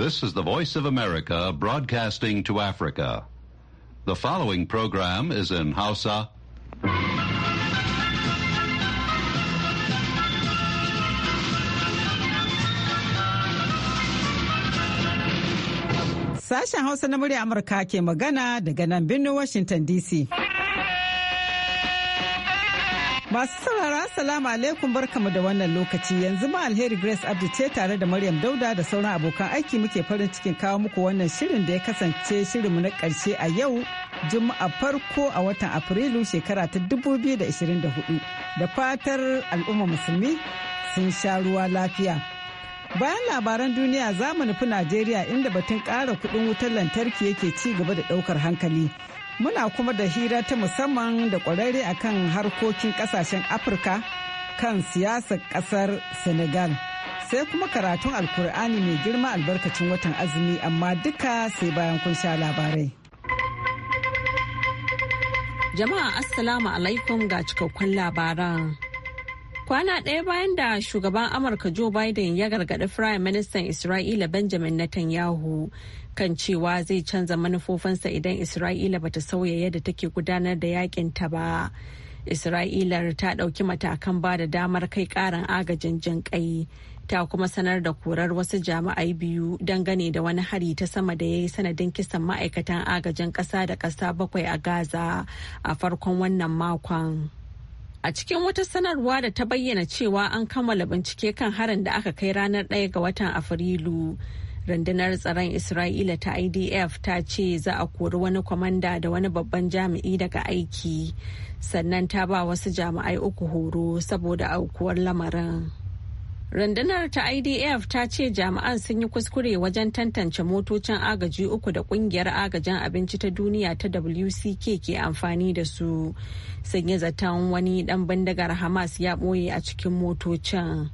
This is the Voice of America broadcasting to Africa. The following program is in Hausa. Sasha Hausa na murya Amurka ke magana daga nan birnin Washington DC. Masu saurara salamu alaikum barkamu da wannan lokaci yanzu ma alheri Grace Abdu ce tare da Maryam Dauda da sauran abokan aiki muke farin cikin kawo muku wannan shirin da ya kasance shirinmu na ƙarshe a yau Juma'a farko a watan Afrilu shekara ta 2024 da fatar al'umma musulmi sun sha ruwa lafiya. Bayan labaran duniya za mu nufi Najeriya inda batun kara kuɗin wutar lantarki yake ci gaba da ɗaukar hankali. Muna kuma da hira ta musamman da kwararre akan harkokin kasashen Afirka kan siyasar kasar Senegal. Sai kuma karatun Alkur'ani mai girma albarkacin watan azumi amma duka sai bayan kun sha labarai. Jama'a Assalamu alaikum ga cikakkun labaran. Kwana ɗaya bayan da shugaban Amurka Joe Biden ya gargaɗi prime Ministan Isra'ila Benjamin Netanyahu kan cewa zai canza manufofinsa idan Isra'ila bata sauya yadda take gudanar da yakin ta ba. isra'ila ta ɗauki matakan ba da damar kai ƙarin agajin jinƙai ta kuma sanar da korar wasu jami'ai biyu dangane da wani hari ta sama da ya yi sanadin kisan ma'aikatan agajin ƙasa da ƙasa bakwai a Gaza a farkon wannan makon. A cikin wata sanarwa da ta bayyana cewa an kammala bincike kan harin da aka kai ranar ɗaya ga watan Afrilu. Rundunar tsaron Isra'ila ta IDF ta ce za a kori wani kwamanda da wani babban jami'i daga aiki, sannan ta ba wasu jami'ai uku horo saboda aukuwar lamarin. Rundunar ta IDF ta ce jami'an sun yi kuskure wajen tantance motocin agaji uku da kungiyar agajin abinci ta duniya ta WCK ke amfani da su. Sun yi zaton wani dan bindigar Hamas ya ɓoye a cikin motocin.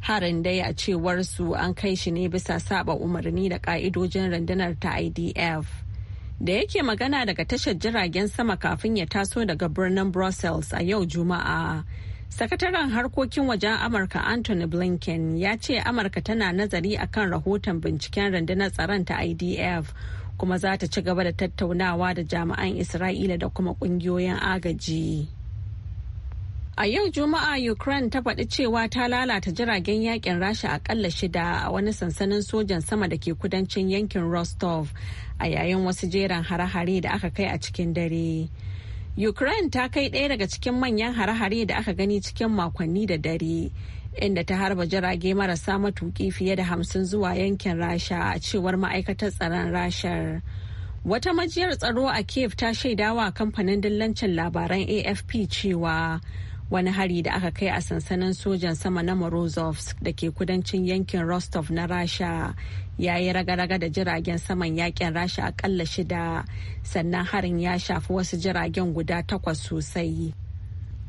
Harin dai a cewar su an kai shi ne bisa saba umarni da ka'idojin rundunar ta IDF. Da yake magana daga tashar jiragen sama kafin ya taso daga birnin Brussels a yau Juma'a. Sakataren harkokin wajen Amurka Anthony Blinken ya ce Amurka tana nazari akan rahoton binciken rundunar tsaron ta IDF kuma za ta ci gaba da tattaunawa da jami'an Isra'ila da kuma kungiyoyin agaji. A yau Juma'a Ukraine ta faɗi cewa ta lalata jiragen yakin Rasha akalla shida a wani sansanin sojan sama da ke kudancin yankin Rostov a yayin wasu jeran hare-hare da aka kai a cikin dare. Ukraine ta kai ɗaya daga cikin manyan hare-hare da aka gani cikin makonni da dare, inda ta harba jirage marasa matuƙi fiye da hamsin zuwa yankin Rasha a cewar ma'aikatar tsaron Rashar. Wata majiyar tsaro a Kiev ta shaidawa kamfanin dillancin labaran AFP cewa wani hari da aka kai a sansanin sojan sama na Morozovsk da ke kudancin yankin Rostov na Rasha ya yi raga-raga da jiragen saman yakin rasha akalla shida sannan harin ya shafi wasu jiragen guda takwas sosai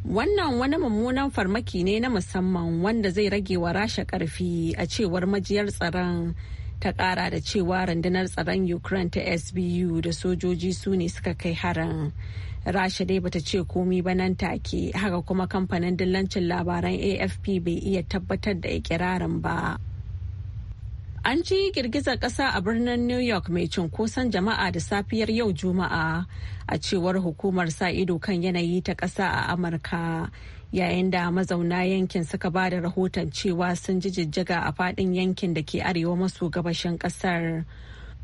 wannan wani mummunan farmaki ne na musamman wanda zai rage wa rasha karfi a cewar majiyar tsaron ta kara da cewa rundunar tsaron ukraine ta sbu da sojoji su ne suka kai harin rasha dai bata ce komi ba nan take haka kuma kamfanin dillancin labaran afp bai iya tabbatar da ikirarin ba An ji girgizar ƙasa a birnin New York mai cunkoson jama'a da safiyar yau Juma'a a cewar hukumar sa ido kan yanayi ta ƙasa a Amurka yayin da mazauna yankin suka ba da rahoton cewa sun ji jijjiga a faɗin yankin da ke arewa maso gabashin ƙasar.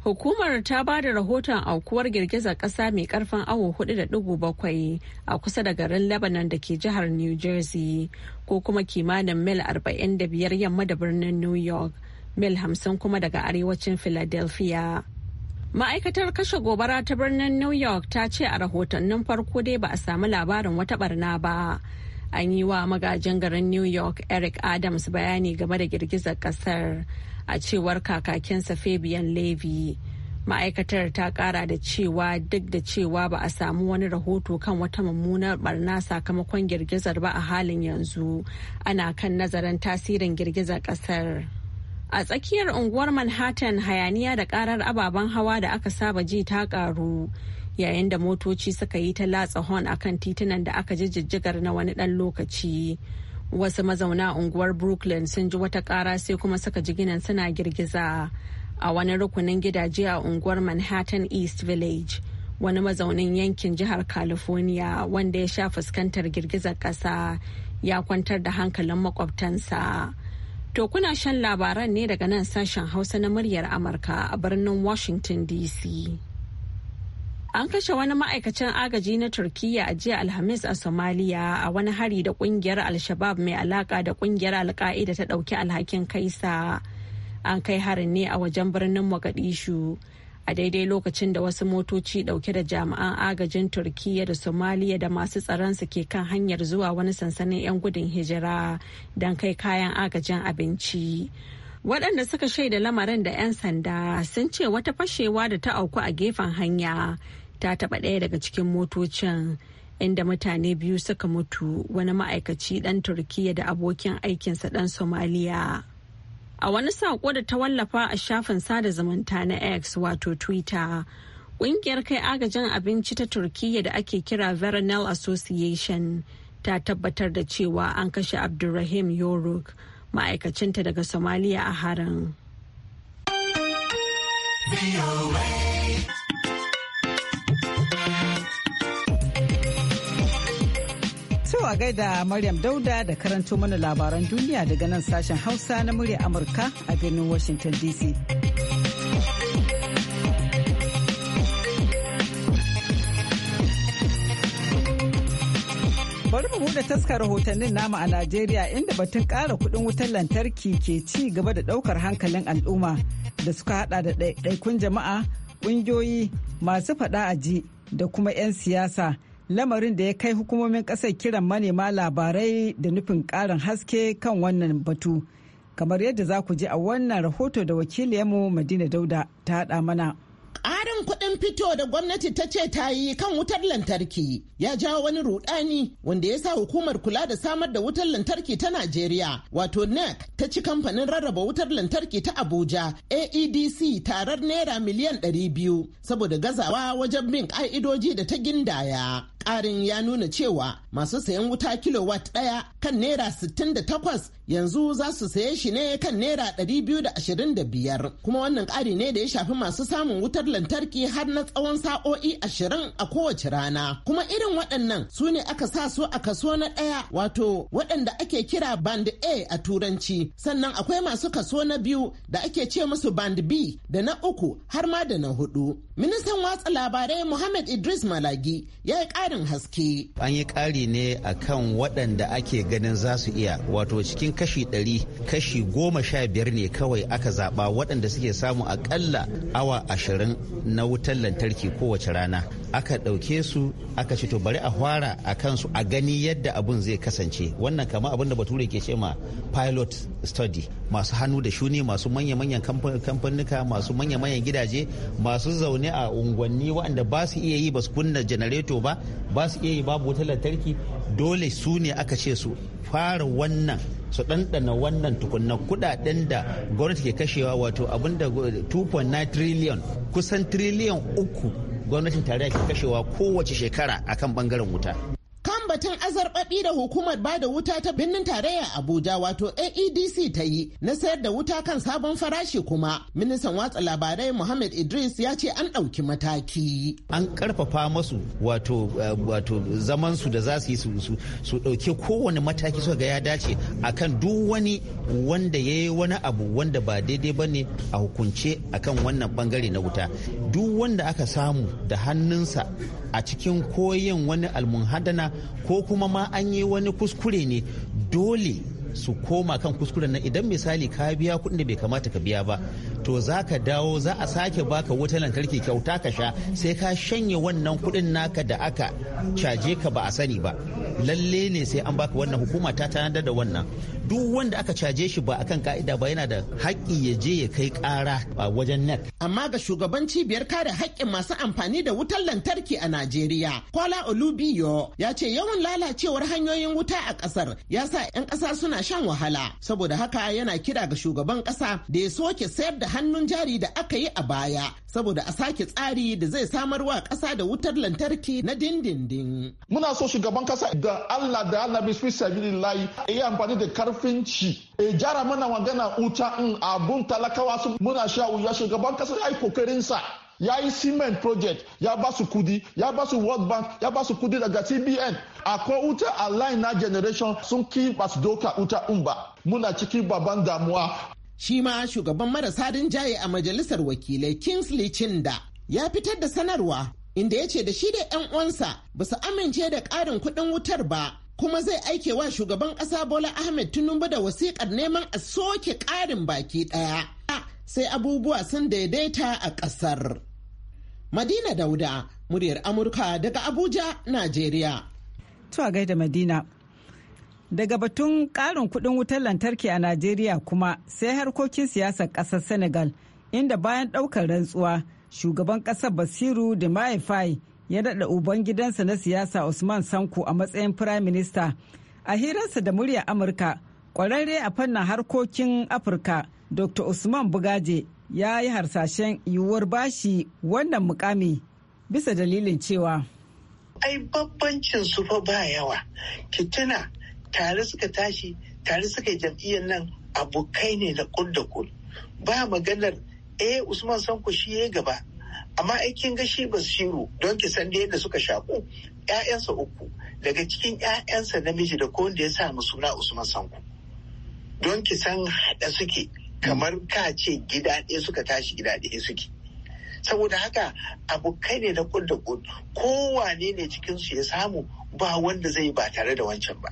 Hukumar ta ba da rahoton aukuwar girgizar ƙasa mai karfin awo 4.7 a kusa da garin Lebanon da ke jihar New Jersey ko kuma kimanin mil 45 yamma da birnin New York mil hamsin kuma daga arewacin Philadelphia. Ma'aikatar kashe gobara ta birnin New York ta ce a rahotannin farko dai ba a samu labarin wata barna ba. An yi wa magajin garin New York Eric Adams bayani game da girgizar kasar a cewar kakakinsa Fabian Levy. ma'aikatar ta kara da cewa duk da cewa ba a samu wani rahoto kan wata mummunar barna sakamakon girgizar ba a halin yanzu ana kan nazarin tasirin girgizar kasar. A tsakiyar unguwar Manhattan hayaniya da karar ababen hawa da aka saba ji ta karu yayin da motoci suka yi ta latsa horn kan titunan da aka ji jijjigar na wani ɗan lokaci. Wasu mazauna unguwar Brooklyn sun ji wata kara sai kuma suka ji ginin suna girgiza a wani rukunin gidaje a unguwar Manhattan East Village. Wani mazaunin yankin jihar California wanda ya sha fuskantar girgizar ƙasa ya kwantar da hankalin makwabtansa. To kuna shan labaran ne daga nan sashen Hausa na muryar Amurka a birnin Washington DC. An kashe wani ma'aikacin agaji na Turkiyya a jiya Alhamis a Somaliya a wani hari da kungiyar Al-Shabab mai alaka da kungiyar Al-Qaida ta ɗauki alhakin kaisa. An kai harin ne a wajen birnin Mogadishu. a daidai lokacin da wasu motoci dauke da jami'an agajin Turkiyya da somaliya da masu su ke kan hanyar zuwa wani sansanin 'yan gudun hijira don kai kayan agajin abinci waɗanda suka shaida lamarin da 'yan sanda sun ce wata fashewa da ta auku a gefen hanya ta taɓa ɗaya daga cikin motocin inda mutane biyu suka mutu wani ma'aikaci ɗan turkiyya da abokin aikinsa ɗan somaliya A wani saƙo da ta wallafa a shafin sada zumunta na X wato Twitter, ƙungiyar kai agajin abinci ta Turkiyya da ake kira Veronal Association ta tabbatar da cewa an kashe Abdulrahim Yoruk, ma'aikacinta daga Somalia a harin. a gaida Maryam Dauda da karanto mana labaran duniya daga nan sashen Hausa na murya Amurka a birnin Washington DC. Bari mu buɗe taskar rahotannin nama a Najeriya inda batun kara kudin wutar lantarki ke ci gaba da daukar hankalin al'umma da suka hada da ɗaiɗaikun jama'a, ƙungiyoyi masu fada a ji da kuma 'yan siyasa. lamarin da ya kai hukumomin kasar kiran manema labarai da nufin ƙarin haske kan wannan batu kamar yadda za ku ji a wannan rahoto da wakili wakiliyarmu madina dauda ta haɗa mana ƙarin kuɗin fito da gwamnati ta ce ta yi kan wutar lantarki ya jawo wani rudani wanda ya sa hukumar kula da samar da wutar lantarki ta najeriya wato nec ta ci kamfanin rarraba wutar lantarki ta abuja aedc tarar naira miliyan 200 saboda gazawa wajen bin ƙa'idoji da ta gindaya Ƙarin ya nuna cewa masu sayan wuta kilowatt ɗaya kan naira 68 yanzu za su saye shi ne kan naira 225 kuma wannan ƙari ne da ya shafi masu samun wutar lantarki har na tsawon sa'o'i 20 a kowace rana kuma irin waɗannan su ne aka sa su a kaso na ɗaya wato waɗanda ake kira band A a turanci sannan akwai masu kaso na biyu da ake ce musu band B da na uku har ma da na hudu ministan watsa labarai Muhammad Idris Malagi ya yi ƙarin haske. An yi ƙari ne a kan waɗanda ake ganin za su iya wato cikin kashi ɗari kashi goma sha biyar ne kawai aka zaɓa waɗanda suke samu aƙalla awa ashirin na wutar lantarki kowace rana. Aka ɗauke su aka ce to bari a hwara a kansu a gani yadda abun zai kasance wannan kama abin da bature ke ce ma pilot study masu hannu da shuni masu manya-manyan kamfanuka masu manya-manyan gidaje masu zaune a unguwanni waɗanda ba su iya yi ba su kunna janareto ba ba su iya yi babu wutar lantarki dole su ne aka ce su fara wannan su ɗanɗana wannan tukunan kudaden da gwamnati ke kashewa wato abinda 2.9 trillion kusan trillion uku gwamnatin tarayya ke kashewa kowace shekara akan bangaren wuta batun azarbabi da hukumar ba da wuta ta birnin tarayya Abuja wato AEDC ta yi na sayar da wuta kan sabon farashi kuma ministan watsa labarai Muhammad Idris ya ce an ɗauki mataki. An karfafa masu wato eh, wato zaman su da za yi su su ɗauki kowane mataki su ga ya dace akan duk wani wanda ya yi wani abu wanda ba daidai ba ne a hukunce akan wannan bangare na wuta duk wanda aka samu da hannunsa a cikin koyin wani almunhadana ko kuma ma an yi wani kuskure ne dole su koma kan kuskuren nan idan misali ka biya kuɗin da bai kamata ka biya ba to za ka dawo za a sake baka wutar lantarki kyauta ka sha sai ka shanye wannan kuɗin naka da aka caje ka ba a sani ba lalle ne sai an baka wannan hukuma ta tanadar da wannan duk wanda aka caje shi ba a kan ka'ida ba yana da haƙƙi ya je ya kai ƙara a wajen net. Amma ga shugaban cibiyar kare haƙƙin masu amfani da wutar lantarki a Najeriya, Kwala Olubiyo ya ce yawan lalacewar hanyoyin wuta a ƙasar ya sa 'yan ƙasa suna shan wahala. Saboda haka yana kira ga shugaban ƙasa da ya soke sayar da hannun jari da aka yi a baya saboda a sake tsari da zai samar wa ƙasa da wutar lantarki na dindindin. Muna so shugaban ƙasa da Allah da Allah bisfi sabilillahi ya amfani da karfi karfin e eh, jara mana magana uta in abun talakawa su muna sha wuya shugaban kasa ya yi kokarin sa ya yi cement project ya ba su kudi ya ba su world bank ya ba su kudi daga cbn akwai wuta a line na generation sun ki ba su doka wuta in ba muna cikin babban damuwa shi ma shugaban marasa rinjaye a majalisar wakilai kingsley chinda ya fitar da sanarwa inda ya ce da shi da 'yan uwansa ba su amince da karin kudin wutar ba kuma zai aike wa shugaban ƙasa Bola Ahmed Tinubu da wasiƙar neman a soke ƙarin baki ɗaya. Sai abubuwa sun daidaita a ƙasar. Madina Dauda, muryar Amurka daga Abuja, Najeriya. Tuwa gaida Madina. Daga batun ƙarin kuɗin wutar lantarki a Najeriya kuma sai harkokin siyasar ƙasar Senegal, inda bayan ɗaukar rantsuwa, shugaban ƙasar Basiru da Faye ya daɗa uban gidansa na siyasa Usman Sanko a matsayin prime minister A hirarsa da murya Amurka, ƙwararre a fannin harkokin Afirka, Dr. Usman Bugaje ya yi harsashen yiwuwar bashi wannan mukami bisa dalilin cewa. Ai babbancin su fa ba yawa, ki tare suka tashi, tare suka yi jam'iyyar nan abokai ne da kul da kul Ba maganar eh Usman Sanko shi ya gaba amma aikin gashi shiru don ki san da suka shaku ƴaƴansa uku daga cikin ƴaƴansa namiji da kowanne ya sa suna usman sanku don ki san haɗa suke kamar ka ce gida ɗaya suka tashi gida ɗaya suke saboda haka abu kai ne na kud da kud kowane ne cikinsu ya samu ba wanda zai ba tare da wancan ba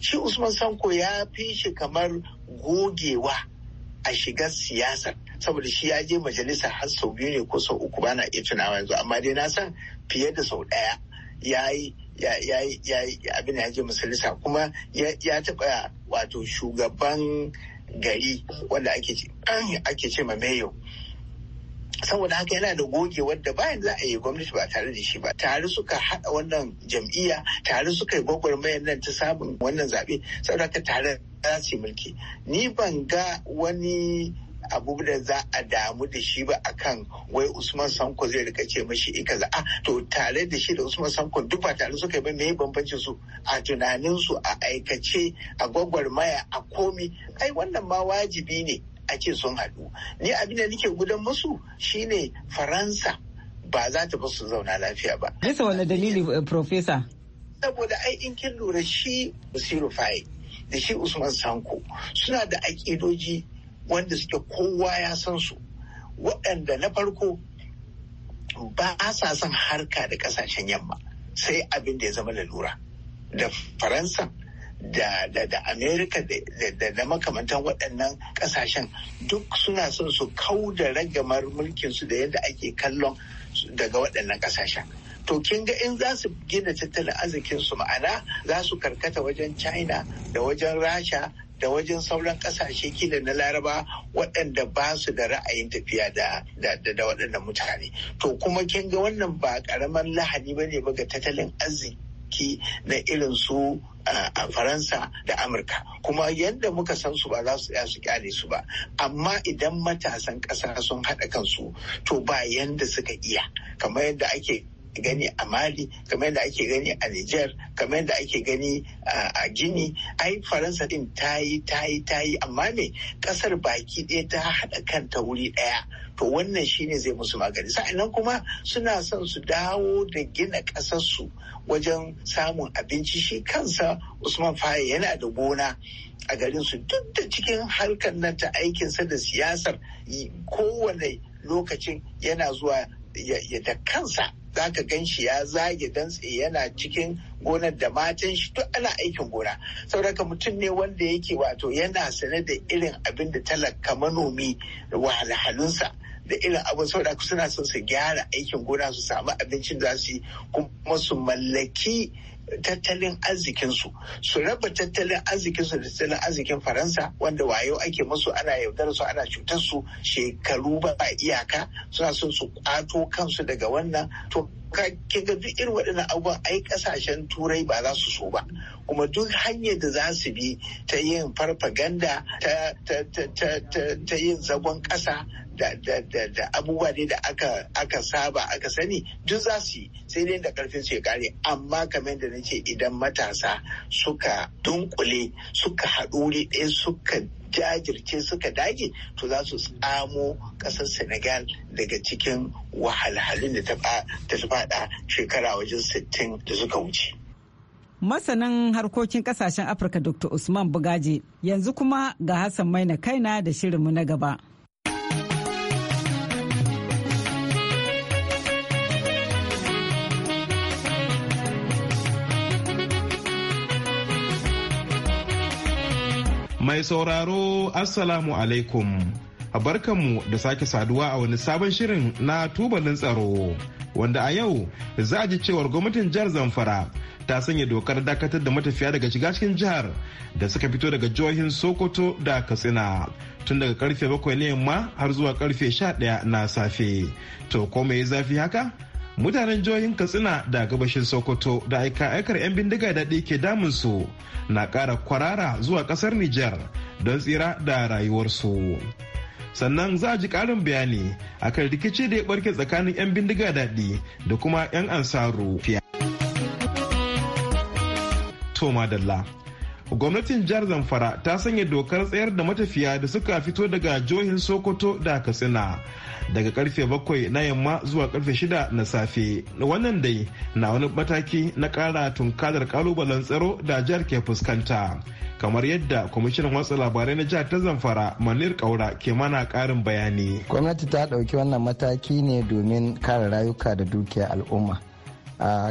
shi usman sanko ya fi shi kamar gogewa a shiga siyasa saboda shi ya je majalisa har sau biyu ne ko sau uku bana iya tunawa yanzu amma dai na san fiye da sau ɗaya ya yi ya abin ya je majalisa kuma ya taɓa wato shugaban gari wanda ake ce ma mayo saboda haka yana da gogewar da bayan za a yi gwamnati ba tare da shi ba tare suka haɗa wannan jam'iyya tare suka yi gwagwarmayar nan ta samun wannan zaɓe saboda haka tare za su yi mulki ni ban ga wani abu da za a damu da shi ba akan wai Usman Sanko zai rika ce mashi ika za a ah, to tare da shi da Usman Sanko duk ba tare suka yi ba mai bambancin su a tunanin su a aikace a gwagwarmaya a komi ai wannan ma wajibi ne a ce sun haɗu ni abin da nake gudan musu shine faransa ba za ta su zauna lafiya ba bisa wani dalili eh, profesa saboda ai in kin lura shi basiru fai da shi usman sanko suna da aƙidoji wanda suke kowa ya san su waɗanda na farko ba a sa son harka da ƙasashen yamma sai abin da ya zama lalura da faransa da amerika da da makamantan waɗannan ƙasashen duk suna son su kau da ragamar mulkinsu da yadda ake kallon daga waɗannan ƙasashen to kin ga in za su gina tattalin arzikin su ma'ana za su karkata wajen china da wajen rasha da wajen sauran kasashe kila na laraba waɗanda ba su da ra'ayin tafiya da da waɗannan mutane to kuma kin ga wannan ba ƙaramin lahani ba ne ba ga tattalin arziki Ki na irin su a faransa da amurka kuma yadda muka san su ba za su iya su kyale su ba amma idan matasan ƙasa sun haɗa kansu to ba yadda suka iya kamar yadda ake gani a mali kamar yadda ake gani a niger kamar yadda ake gani a gini ai faransa din ta yi ta yi ta yi amma me kasar baki ɗaya ta haɗa kanta wuri ɗaya to wannan shine zai musu magani sa'annan kuma suna son su dawo da gina ƙasarsu wajen samun abinci shi kansa usman faye yana da gona a garin su duk da cikin harkar nan ta aikinsa da siyasar kowane lokacin yana zuwa ya da kansa za ka gan shi ya zage dantse yana cikin gonar da matan shi duk ana aikin gona saboda mutum ne wanda yake wato yana sane da irin abin da talaka manomi wahalhalunsa da irin abin saboda suna son su gyara aikin gona su samu abincin za su yi kuma su mallaki tattalin arzikinsu su raba tattalin arzikinsu da tattalin arzikin faransa wanda wayo ake musu ana yaudar su ana cutar su shekaru ba iyaka suna son su kwato kansu daga wannan to ke ga duk irin waɗannan abubuwan ai ƙasashen turai ba za su so ba kuma duk hanyar da za su bi ta yin farfaganda ta yin zagon ƙasa da abubuwa ne da aka saba aka sani duk za su yi sai dai da ƙarfin su ya kare amma kamar da nace idan matasa suka dunkule suka haɗu wuri ɗaya suka jajirce suka dage to za su tsamo ƙasar senegal daga cikin wahalhalun da ta fada shekara wajen sittin da suka wuce masanin harkokin kasashen afirka dr usman bugaje yanzu kuma ga hassan maina kaina da shirinmu na gaba Mai sauraro Assalamu alaikum. Barkanmu da sake saduwa a wani sabon shirin na tubalin tsaro. Wanda a yau za a ji cewar gwamnatin jihar Zamfara ta sanya dokar dakatar da matafiya daga shiga cikin jihar da suka fito daga jihohin Sokoto da Katsina. Tun daga karfe bakwai ne yamma har zuwa karfe sha ɗaya na safe. To ko mai zafi haka? mutanen jihohin katsina da gabashin sokoto da aika aikar 'yan bindiga daɗi ke damun su na ƙara kwarara zuwa ƙasar nijar don tsira da rayuwarsu sannan za a ji ƙarin bayani akan rikici da ya ɓarke tsakanin 'yan bindiga daɗi da kuma 'yan ansaru. Toma Dalla. gwamnatin jihar zamfara ta sanya dokar tsayar da matafiya da suka fito daga jihohin sokoto da katsina daga karfe bakwai na yamma zuwa karfe shida na safe wannan dai na wani mataki na kara tunkarar kalubalen tsaro da jihar ke fuskanta kamar yadda kwamishinan watsa labarai na jihar ta zamfara manir kaura ke mana karin bayani gwamnati ta dauki wannan mataki ne domin kare rayuka da dukiya al'umma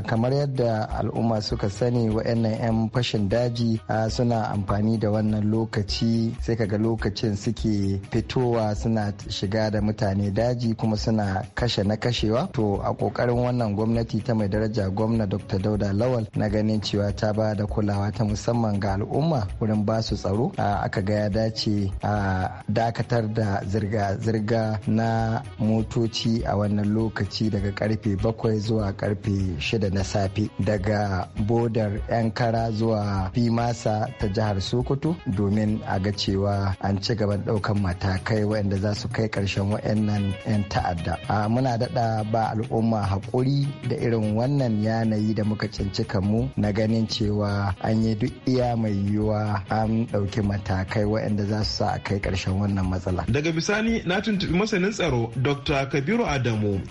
kamar yadda al'umma suka sani wa'annan 'yan fashin daji suna amfani da wannan lokaci sai kaga lokacin suke fitowa suna shiga da mutane daji kuma suna kashe na kashewa to a kokarin wannan gwamnati ta mai daraja gwamna dr dauda lawal na ganin cewa ta ba da kulawa ta musamman ga al'umma wurin ba su tsaro aka ga ya dace a dakatar da zirga-zirga na motoci a wannan lokaci daga karfe bakwai zuwa karfe shida na safe daga bodar kara zuwa bimasa ta jihar sokoto domin a ga cewa an ci gaban daukan matakai waɗanda za su kai ƙarshen waɗannan 'yan ta'adda a muna daɗa ba al'umma haƙuri da irin wannan yanayi da muka cancika mu na ganin cewa an yi duk iya mai yiwuwa an ɗauki matakai waɗanda za su sa a kai ƙarshen wannan matsala daga bisani na tuntuɓi masanin tsaro dr kabiru adamu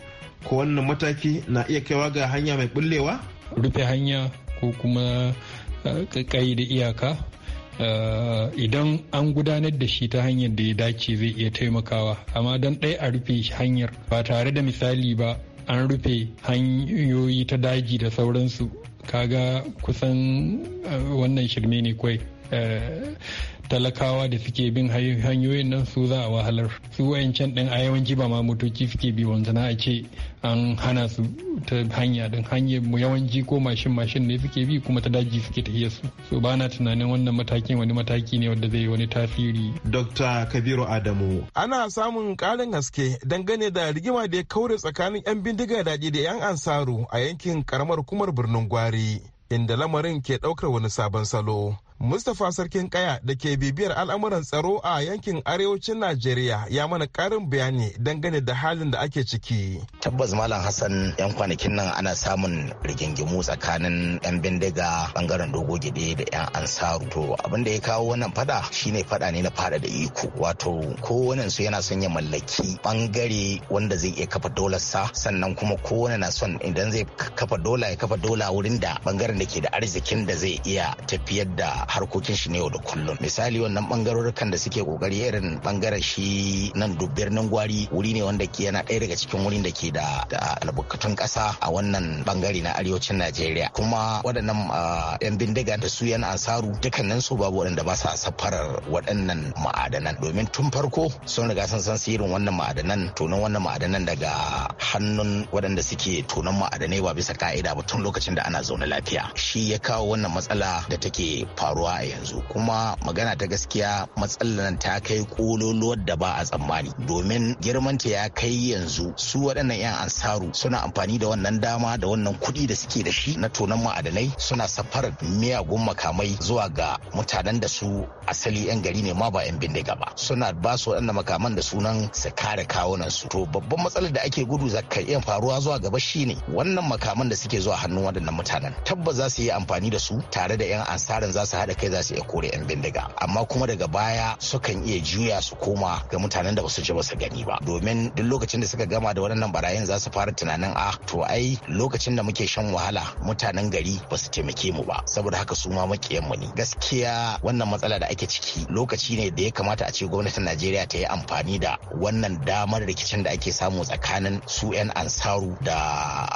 ko wannan mataki na iya kaiwa ga hanya mai bullewa? rufe hanya ko kuma kai eh, da iyaka eh, idan an gudanar da shi ta hanyar da ya dace zai iya taimakawa amma don ɗaya a rufe hanyar ba tare da misali ba an rufe hanyoyi ta daji da sauransu kaga kusan eh, wannan shirme ne kwai talakawa da suke bin hanyoyin nan su za a wahalar su wayancan din a yawanci ba ma motoci suke bi wanzana a ce an hana su ta hanya din hanyar mu yawanci ko mashin mashin ne suke bi kuma ta daji suke tafiya su so ba na tunanin wannan matakin wani mataki ne wanda zai wani tasiri dr kabiru adamu ana samun ƙarin haske dangane da rigima da ya kaure tsakanin yan bindiga daɗi da yan ansaru a yankin karamar kumar birnin gwari inda lamarin ke ɗaukar wani sabon salo Mustapha Sarkin Kaya da ke bibiyar al'amuran tsaro a yankin arewacin Najeriya ya mana karin bayani dangane da halin da ake ciki. Tabbas Malam Hassan yan kwanakin nan ana samun rigingimu tsakanin yan bindiga bangaren dogo gide da yan ansaru. To abin da ya kawo wannan fada shine fada ne na fada da iko. Wato kowannen su yana son ya mallaki bangare wanda zai iya kafa sa sannan kuma kowane na son idan zai kafa dola ya kafa dola wurin da bangaren da ke da arzikin da zai iya tafiyar da harkokin shi ne yau da kullum misali wannan bangarorukan da suke kokari irin bangaren shi nan birnin gwari wuri ne wanda ke yana ɗaya daga cikin wurin da ke da albukatun ƙasa a wannan bangare na arewacin najeriya kuma waɗannan yan bindiga da su yan ansaru dukkanin su babu waɗanda ba sa safarar waɗannan ma'adanan domin tun farko sun riga sun san sirrin wannan ma'adanan tonon wannan ma'adanan daga hannun waɗanda suke tonon ma'adanai ba bisa ka'ida ba tun lokacin da ana zaune lafiya shi ya kawo wannan matsala da take faru faruwa a yanzu kuma magana ta gaskiya matsalar ta kai kololuwar da ba a tsammani domin girmanta ya kai yanzu su waɗannan 'yan ansaru suna amfani da wannan dama da wannan kuɗi da suke da shi na tonan ma'adanai suna safar miyagun makamai zuwa ga mutanen da su asali 'yan gari ne ma ba 'yan bindiga ba suna ba su waɗannan makaman da sunan su kare kawunan su to babban matsalar da ake gudu za ka iya faruwa zuwa gaba shine wannan makaman da suke zuwa hannun waɗannan mutanen tabbas za su yi amfani da su tare da 'yan ansarin za su da kai za su iya kore 'yan bindiga amma kuma daga baya sukan iya juya su koma ga mutanen da ba su ji ba su gani ba domin duk lokacin da suka gama da waɗannan barayin za su fara tunanin a ah, to ai lokacin da muke shan wahala mutanen gari ba su taimake mu ba saboda haka su ma makiyan mu ne gaskiya wannan matsala da ake ciki lokaci ne da ya kamata a ce gwamnatin Najeriya ta yi amfani da wannan damar rikicin da ake samu tsakanin su 'yan ansaru da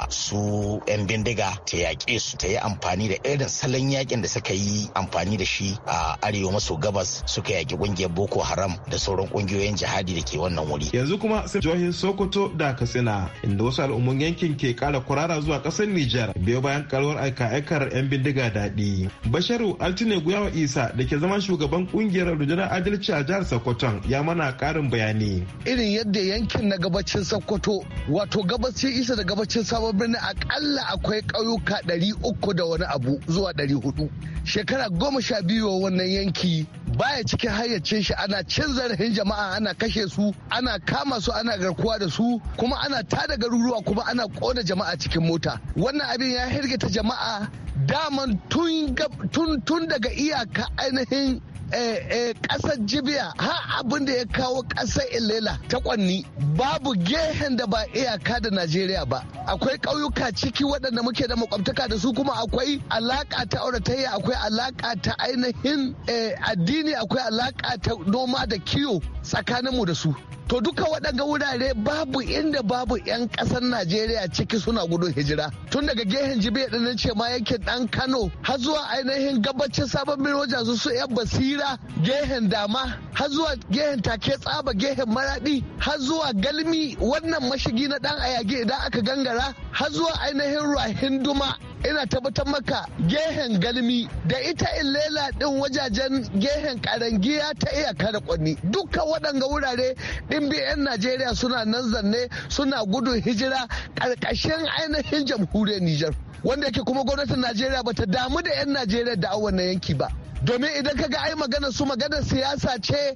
su 'yan bindiga ta yaƙe su ta yi amfani da irin salon yakin da suka yi amfani amfani da shi a arewa maso gabas suka yaki kungiyar boko haram da sauran kungiyoyin jihadi da ke wannan wuri yanzu kuma sai jihohin sokoto da katsina inda wasu al'umman yankin ke kara kurara zuwa kasar nijar biyo bayan karuwar aika-aikar yan bindiga daɗi basharu altine guyawa isa da ke zama shugaban kungiyar rundunar adalci a jihar sokoto ya mana karin bayani irin yadda yankin na gabacin sokoto wato gabacin isa da gabacin sabon birni akalla akwai ƙauyuka ɗari uku da wani abu zuwa ɗari hudu shekara goma goma sha biyu wa wannan yanki baya cikin hayyacin shi ana cin zarafin jama'a ana kashe su ana kama su ana garkuwa da su kuma ana tada garuruwa kuma ana kona jama'a cikin mota wannan abin ya hirgita jama'a daman tun daga iyaka ainihin Eh, eh, ƙasar jibiya ha abin da ya kawo ƙasar ilela ta kwanni babu gehen da ba iyaka da najeriya ba akwai ƙauyuka ciki waɗanda muke da makwabtaka da su kuma akwai alaƙa ta auratayya akwai alaƙa ta ainihin eh, addini akwai alaƙa ta noma da kiwo tsakaninmu da su to duka waɗanga wurare babu inda babu 'yan ƙasar najeriya ciki suna gudun hijira tun daga gehen jibiya ɗin ce ma yake ɗan kano har zuwa ainihin gabacin sabon miroja su 'yan basira gida gehen dama har zuwa gehen take tsaba gehen maradi har zuwa galmi wannan mashigi na dan ayage idan aka gangara har zuwa ainihin ruwa duma ina tabbatar maka gehen galmi da ita illela din wajajen gehen karangiya ta iyaka da kwanni dukkan waɗanga wurare din yan najeriya suna nan zanne suna gudun hijira ƙarƙashin ainihin jamhuriyar nijar wanda yake kuma gwamnatin najeriya bata damu da yan najeriya da awon yanki ba domin idan ka ga ai magana su magana siyasa ce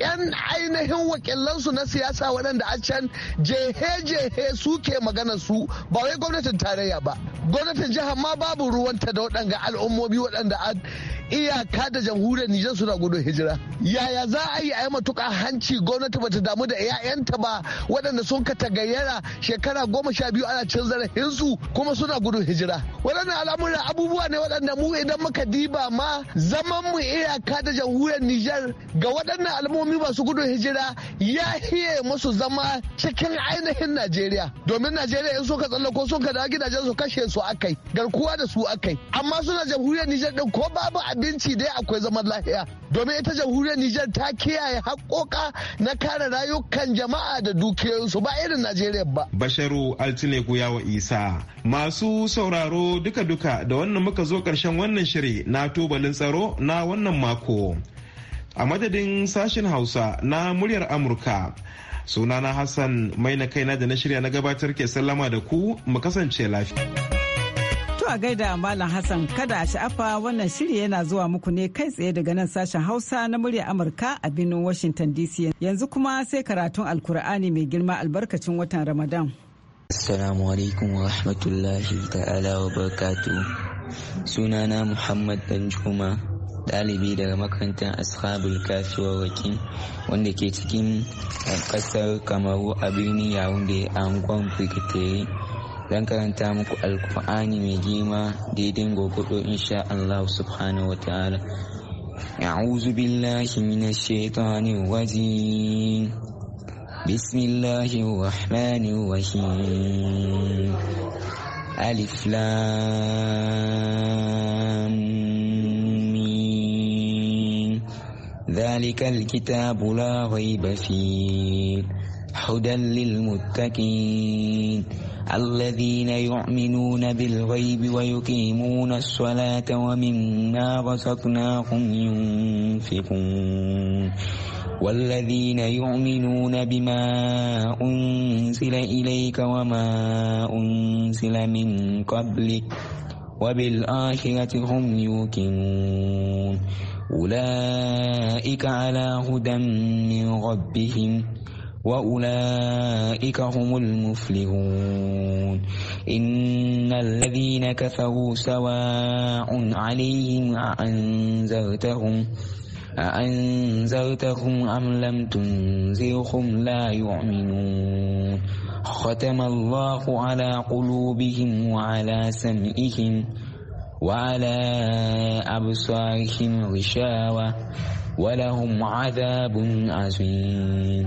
'yan ainihin wakilansu na siyasa waɗanda a can jehe-jehe suke magana su ba wai gwamnatin tarayya ba gwamnatin jihar ma babu ruwanta da waɗanda al'ummomi waɗanda iyaka da jamhuriyar Nijar suna gudun hijira. Yaya za a yi a yi matuƙa hanci gwamnati bata damu da 'ya'yanta ba waɗanda sun ka tagayyara shekara goma sha biyu ana cin zarafinsu kuma suna gudun hijira. Waɗannan al'amura abubuwa ne waɗanda mu idan muka diba ma zaman mu iyaka da jamhuriyar Nijar ga waɗannan al'ummomi masu gudun hijira ya hiye musu zama cikin ainihin Najeriya. Domin Najeriya in suka tsallako sun ka dawo gidajen su kashe su akai garkuwa da su akai. Amma suna jamhuriyar Nijar din ko babu abin abinci dai akwai zaman lafiya domin ita jamhuriyar Nijar ta kiyaye haƙoƙa na kare rayukan jama'a da dukiyoyinsu ba irin Najeriya ba. Basharu Altine Guyawa Isa masu sauraro duka-duka da wannan muka zo ƙarshen wannan shiri na tubalin tsaro na wannan mako. A madadin sashen Hausa na muryar Amurka. sunana hassan mai na kaina da na shirya na gabatar ke sallama da ku mu kasance lafiya To a gaida Malam Hassan kada a sha'afa wannan shiri yana zuwa muku ne kai tsaye daga nan sashen Hausa na murya Amurka a birnin Washington DC. Yanzu kuma sai karatun Alkur'ani mai girma albarkacin watan Ramadan. Assalamu alaikum wa rahmatullahi ta'ala wa barakatu. Sunana Muhammad Danjuma ɗalibi daga makarantar Ashabul Kafiwa Wakin wanda ke cikin ƙasar Kamaru a birnin Yaounde a Angon Brigiteri. zan karanta muku alkur'ani mai girma daidai gogodo insha Allah subhanahu wa ta'ala أعوذ بالله من الشيطان الرجيم بسم الله الرحمن الرحيم ألف لام ذلك الكتاب لا ريب فيه هدى للمتقين الذين يؤمنون بالغيب ويقيمون الصلاة ومما رزقناهم ينفقون والذين يؤمنون بما أنزل إليك وما أنزل من قبلك وبالآخرة هم يوقنون أولئك على هدى من ربهم وأولئك هم المفلحون إن الذين كفروا سواء عليهم أأنذرتهم أأنذرتهم أم لم تنذرهم لا يؤمنون ختم الله على قلوبهم وعلى سمعهم وعلى أبصارهم غشاوة ولهم عذاب عظيم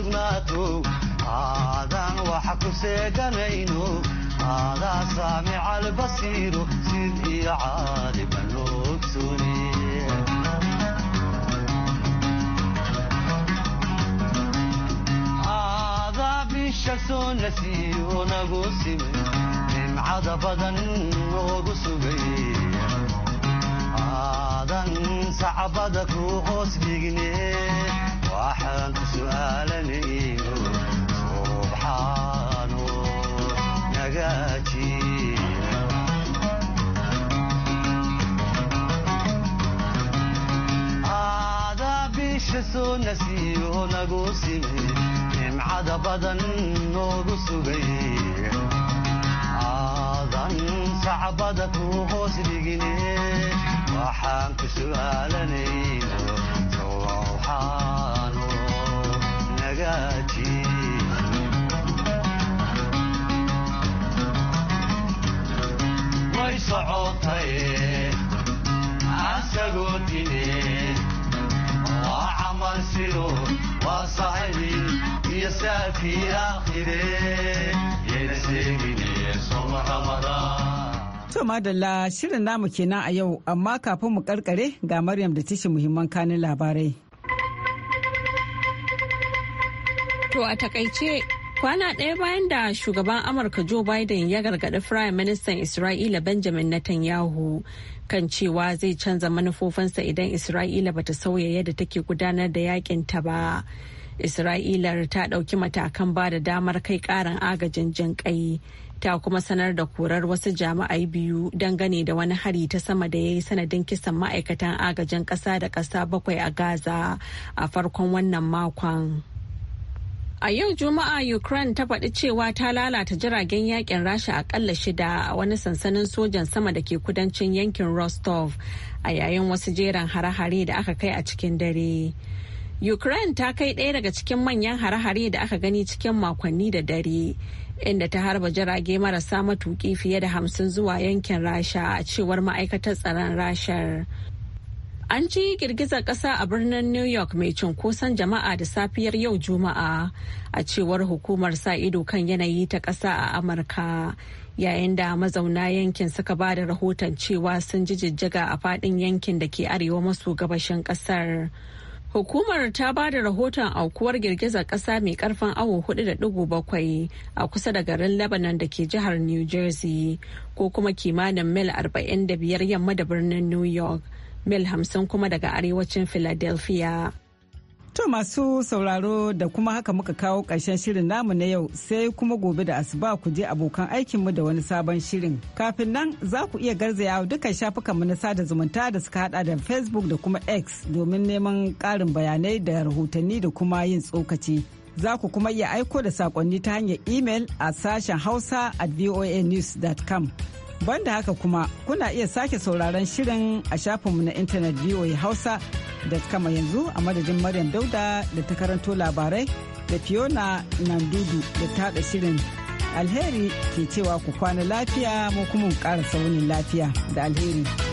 sugnaato aadaan waxa ku seeganayno aadaa saamica albasiiro sid iyo caaliban loo ogsoone soo nasiiyo nagu sime nimcada badan noogu sugay aadan sacbada ku hoos dhigne واحد سؤالني سبحانه نجاتي شسو نسيو نقوسي ام عدا بدن نوغسو بي آذان صعبدك وغوس وحان كسؤالني سبحان magaji way socotay asagoo dine waa camal siro waa saxibi iyo saafii ya yayna seegine soma To madalla shirin namu kenan a yau amma kafin mu karkare ga Maryam da tashi muhimman kanin labarai. To a takaice kwana ɗaya bayan da shugaban Amurka Joe Biden ya gargaɗi Prime Minister Isra'ila Benjamin Netanyahu kan cewa zai canza manufofinsa idan Isra'ila bata sauya yadda take gudanar da yakin ta ba. isra'ila ta ɗauki matakan ba da damar kai ƙarin agajin jinƙai ta kuma sanar da korar wasu jami'ai biyu dangane da wani hari ta sama da ya yi sanadin kisan ma'aikatan agajin ƙasa da ƙasa bakwai a Gaza a farkon wannan makon. A yau Juma'a Ukraine ta faɗi cewa ta lalata jiragen yakin Rasha akalla shida a wani sansanin sojan sama da ke kudancin yankin Rostov a yayin wasu jeran hare-hare da aka kai a cikin dare. Ukraine ta kai ɗaya daga cikin manyan hare-hare da aka gani cikin makonni da dare. inda ta harba jirage marasa matuki fiye da hamsin zuwa yankin rasha a cewar ma'aikatar tsaron rashar An ji girgizar ƙasa a birnin New York mai cunkoson jama'a da safiyar yau Juma'a a cewar hukumar sa ido kan yanayi ta ƙasa a Amurka yayin da mazauna yankin suka ba da rahoton cewa sun ji jijjiga a faɗin yankin da ke arewa maso gabashin ƙasar. Hukumar ta ba da rahoton aukuwar girgizar ƙasa mai karfin awo 4.7 a kusa da garin Lebanon da ke jihar New Jersey ko kuma kimanin mil 45 yamma da birnin New York. mil hamsin kuma daga arewacin Philadelphia. To masu sauraro da kuma haka muka kawo ƙarshen shirin namu na yau sai kuma gobe da asuba ku je abokan aikinmu da wani sabon shirin. Kafin nan za ku iya garzaya dukkan shafukanmu na sada zumunta da suka hada da Facebook da kuma X domin neman ƙarin bayanai da rahotanni da kuma yin tsokaci. Za ku kuma iya aiko da saƙonni ta hanyar email a sashen hausa at voanews.com. Banda haka kuma kuna iya sake sauraron shirin a shafinmu na intanet VOA Hausa da kama yanzu a madadin Maryam Dauda da ta karanto labarai da Fiona Nandudu da ta haɗa shirin alheri ke cewa ku kwana lafiya mu kuma mu ƙara saunin lafiya da alheri.